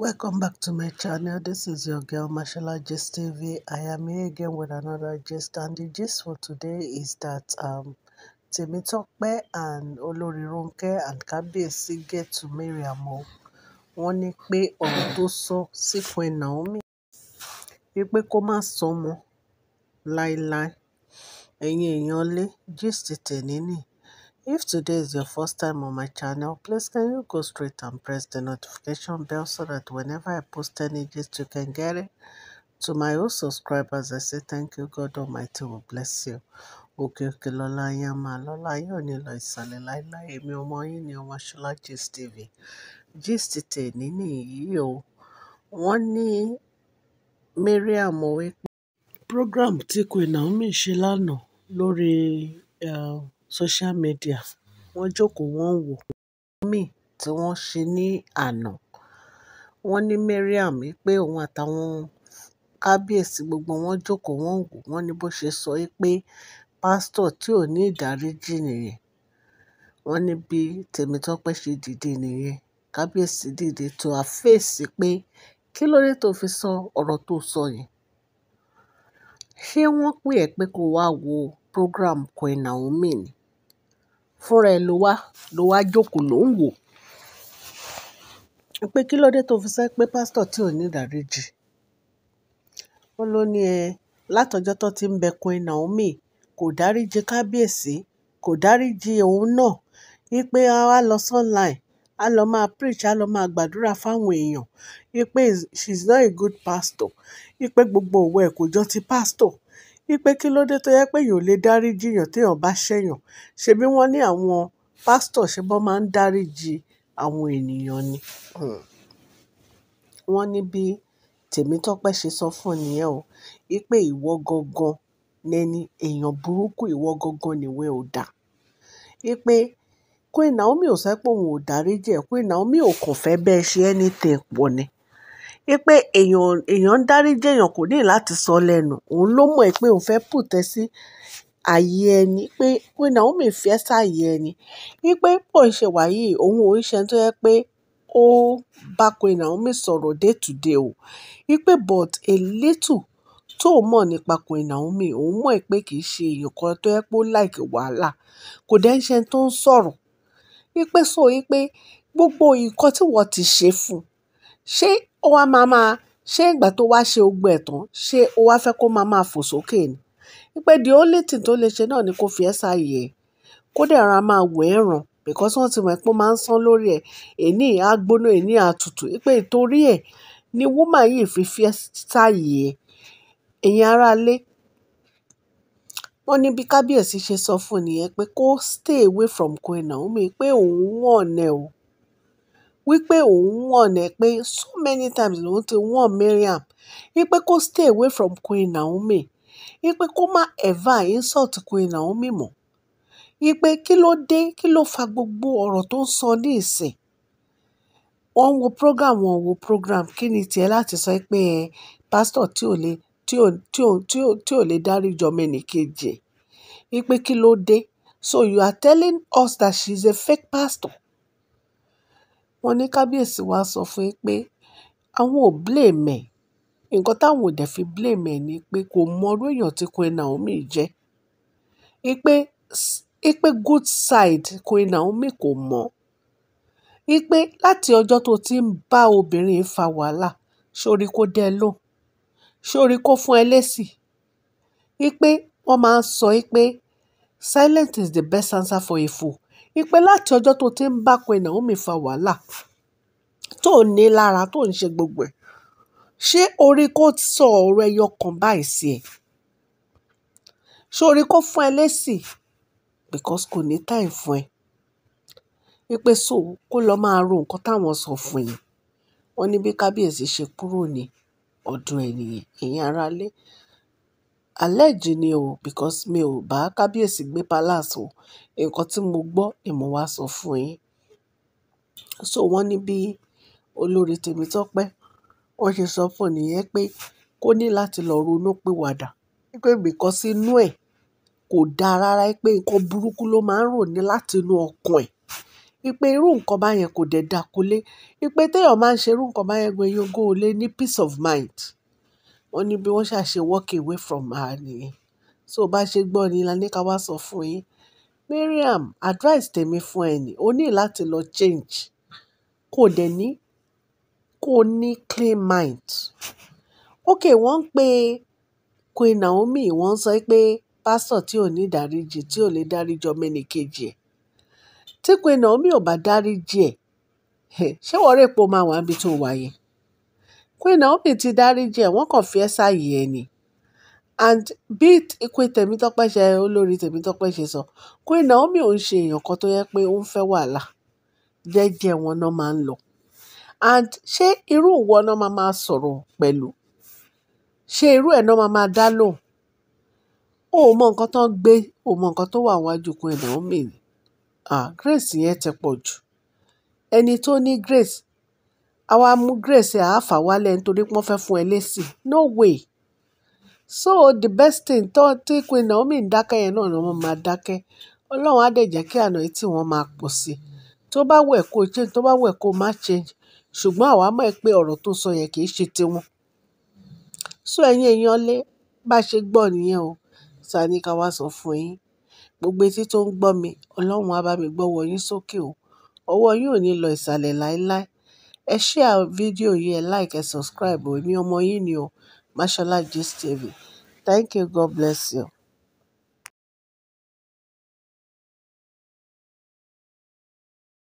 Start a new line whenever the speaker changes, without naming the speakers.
Welcome back to my channel. This is your girl Mashola Gist TV. I am here again with another gist, and the gist for today is that um, Temitope and Olori Ronke and Kabiyesi get to marry o. Wọ́n ní pé ọ̀rọ̀ tó sọ sí Queen Naomi wípé kó má Lai láéláé. Ẹ̀yin èèyàn lé gist tèmi nì. If today is your first time on my channel, please can you go straight and press the notification bell so that whenever I post any gist you can get it. To my old subscribers, I say thank you, God Almighty will bless you. Okay, lọ́lá yẹn máa lọ́lá yóò ní lọ ìsàlẹ̀ láíláí èmi ọmọ yín ni ọmọ yin omo sola Gist TV. Gist tèmi nìyí o. Wọ́n ní Mariam Program tí Queen Naomi ṣe lórí. Uh, social media, wọ́n jókòó wọ́n ń wò mí tí wọ́n ṣe ní àná. Wọ́n ní Mariam pé òun àtàwọn kábíyèsí gbogbo wọn jókòó wọ́n ń wò. Wọ́n ní bó ṣe sọ pé pásítọ̀ tí ò ní ìdáríjì nìyẹn. Wọ́n ní bí Tèmítọ́pẹ́ ṣe dìde nìyẹn. Kábíyèsí dìde tó a pé kí ló dé tó fi sọ ọ̀rọ̀ tó sọ yẹn? Ṣé wọ́n pè ẹ́ pé ko wá wo program Queen Naomi ni? fúnra ẹ̀ ló wá, ló wá jókòó ló ń wò. Pé kí ló dé tó fi sọ pé pásítọ̀ tí ò ní ìdáríjì? Ó ló ní ẹ, látọjọ́ tó ti ń bẹ Queen Naomi, kò dáríji kábíyèsí, kò dáríji òun náà. Wípé a wá lọ online, a lọ máa preach, a lọ máa gbàdúrà fáwọn èèyàn. Wípé she is not a good pastor. Wípé gbogbo òwe ẹ̀ kò jọ ti pastor. wípé kí ló dé tó jẹ́ pé èèyàn ò lè dáríjì èèyàn téèyàn bá ṣẹ̀yàn ṣebí wọ́n ní àwọn pásítọ̀ ṣe bọ́n máa ń dáríjì àwọn ènìyàn ni hmm. wọ́n ní bí Tèmítọ́pẹ́ ṣe sọ fún nìyẹn o wípé ìwọ gangan lẹni èèyàn burúkú ìwọ gangan nìwọ ò dà wípé Queen Naomi ò sọ pé òun ò dáríjì ẹ̀ Queen Naomi ò kàn fẹ́ bẹ́ẹ̀ ṣe anything pọ̀ ni wípé èèyàn, èèyàn ń dáríji èèyàn kò need láti sọ lẹ́nu. Òun ló mọ̀ pé òun fẹ́ putẹ́ sí ààyè ẹni pé, pé Naomi fẹ́ sáàyè ẹni. Wípé bó ṣe wà yìí, òun ò ṣe ẹni tó jẹ́ pé ó bá Queen Naomi sọ̀rọ̀ day to day o. Wípé but a little tó mọ̀ nípa Queen Naomi, òun mọ̀ pé kì í ṣe èèyàn kan tó jẹ́ pé ó like wàhálà. Kò dẹ̀ ń ṣe ẹni tó ń sọ̀rọ̀. Wípé so wípé gbogbo nǹkan tí wọ́n ti ṣe fún un, ṣé ó wá máa máa ṣé ìgbà tó wá ṣe gbogbo ẹ̀ tán ṣé ó wá fẹ́ kó máa máa fò sókè ni pé the only thing tó lè ṣe náà ni kó fi ẹ́ sáàyè ẹ̀ kó dẹ̀ ra máa wọ̀ ẹ́ ràn because wọ́n ti mọ̀ pé ó máa ń sán lórí ẹ̀ èní á èní á tutù pé ẹ̀ ni woman yìí fi fi ẹ́ sáàyè ẹ̀ ẹ̀yin aráalé wọ́n ní bí kábíyèsí ṣe sọ fún nìyẹn pé kó stay away from Queen Naomi pé òun wọ̀n ẹ̀ o wípé òun warn ẹ̀ pé so many times lòun ti warn Mariam wípé kó stay away from Queen Naomi wípé kó má ever insult Queen Naomi mọ́ wípé kí ló dé kí ló fa gbogbo ọ̀rọ̀ tó ń sọ ní ìsìn wọ́n wo program wọ́n wo program kí ni tiẹ̀ láti sọ pé ẹ pásítọ̀ tí ò lè tí ò tí ò tí ò tí ò lè dárí jọmọ ẹnìkejì ẹ wípé kí ló dé so you are telling us that she is a fake pastor wọ́n ní kábíyèsí wa sọ fún yín pé àwọn ò blame ẹ̀ nǹkan táwọn ò dẹ̀ fi blame ẹ̀ ni pé kò mọrú èèyàn tí Queen Naomi jẹ́ ipe ipe good side Queen Naomi kò mọ̀ ipe láti ọjọ́ tó ti ń bá obìnrin fa wàhálà ṣorí kó dẹ́ lò ṣorí kó fún ẹ lésì ipe wọ́n máa ń sọ pé silence is the best answer for a fool wípé láti ọjọ́ tó ti ń bá Queen Naomi fa wàhálà, tó ń ní lára, tó ń ṣe gbogbo ẹ̀, ṣé orí kó sọ ọ̀rọ̀ ẹyọ kan báyìí sí ẹ? Ṣé orí kó fún ẹ lésì? Because kò ní time fún ẹ. Wípé so kó lọ máa ro nǹkan táwọn sọ fún ẹ. Wọ́n ní bí kábíyèsí ṣe kúrò ní ọ̀dọ̀ ẹ nìyẹn, ẹ̀yin ará Alleged ni o because mi ò bá kábíyèsí gbé palace o. Ǹkan tí mo gbọ́ ni mo wá sọ fún yín. So wọ́n ní bí olórí Tèmítọ́pẹ́, wọ́n ṣe sọ fún nìyẹn pé kó ní láti lọ ronú pìwàdà. Pé because inú ẹ̀ kò dáa rárá pé ǹkan burúkú ló máa ń rò ní láti inú ọkàn ẹ̀. Wípé irú ǹkan báyẹn kò dẹ̀ dáa kó lé. Wípé tí èèyàn máa ń ṣe irú ǹkan báyẹn gan, èèyàn gan ní peace of mind wọ́n ní bí wọ́n ṣà ṣe walk away from her nìyẹn so bá ṣe gbọ́ ni la ní ká wá sọ fún yín Mariam advice tèmi fún ẹ ní o ní láti lọ change kò dẹ̀ ní kò ní clean mind ok wọ́n ń pe Queen Naomi wọ́n sọ pé pásítọ̀ tí ò ní dáríjì tí ò lè dáríjì ọmọ ẹnì kejì ẹ̀ tí Queen Naomi ò bá dáríjì ẹ̀ ṣé wọ́n rè pé ó máa wà níbi tó wà yẹn Queen Naomi ti dáríjì ẹ̀, wọ́n kàn fi ẹ́ sáàyè ẹ̀ ni. And bí Queen Tẹ̀mítọ́pẹ́ ṣe olórí Tẹ̀mítọ́pẹ́ ṣe sọ, Queen Naomi ò ń ṣe èèyàn kan tó yẹ pé ó ń fẹ́ wàhálà. Jẹ́jẹ́ wọn náà máa ń lọ. And ṣé irú ìwọ náà máa máa sọ̀rọ̀ pẹ̀lú? Ṣé irú ẹ̀ náà máa máa dá lóhùn? O ò mọ nǹkan tó gbé, o ò mọ nǹkan tó wà wájú Queen Naomi ni. Ah, grace yẹn ti pọ̀ jù. Ẹni tó ní grace Our mú Grace àá fà wálẹ̀ nítorí pé wọ́n fẹ́ fún ẹ no way so the best thing to take when Naomi ń dákẹ́ yẹn náà ni wọ́n máa dákẹ́ ọlọ́run á dẹ̀ jẹ́ kí àná tí wọ́n máa pọ̀ sí tó bá wẹ̀ kó change tó bá wẹ̀ kó má change ṣùgbọ́n àwa mọ̀ ẹ́ pé ọ̀rọ̀ tó sọ yẹn kì í ṣe tiwọn so ẹ̀yin èèyàn lé bá ṣe gbọ́ nìyẹn o ta ní ká wá sọ fún yín gbogbo etí tó ń gbọ́ mi ọlọ́run á bá mi gbọ́wọ́ yín sókè o ọwọ́ yín ò ní lọ ìsàlẹ̀ láéláé ẹ ṣíà fídíò yìí ẹ like ẹ subscribe o èmi ọmọ yín ni o mashola gist tv thank you god bless you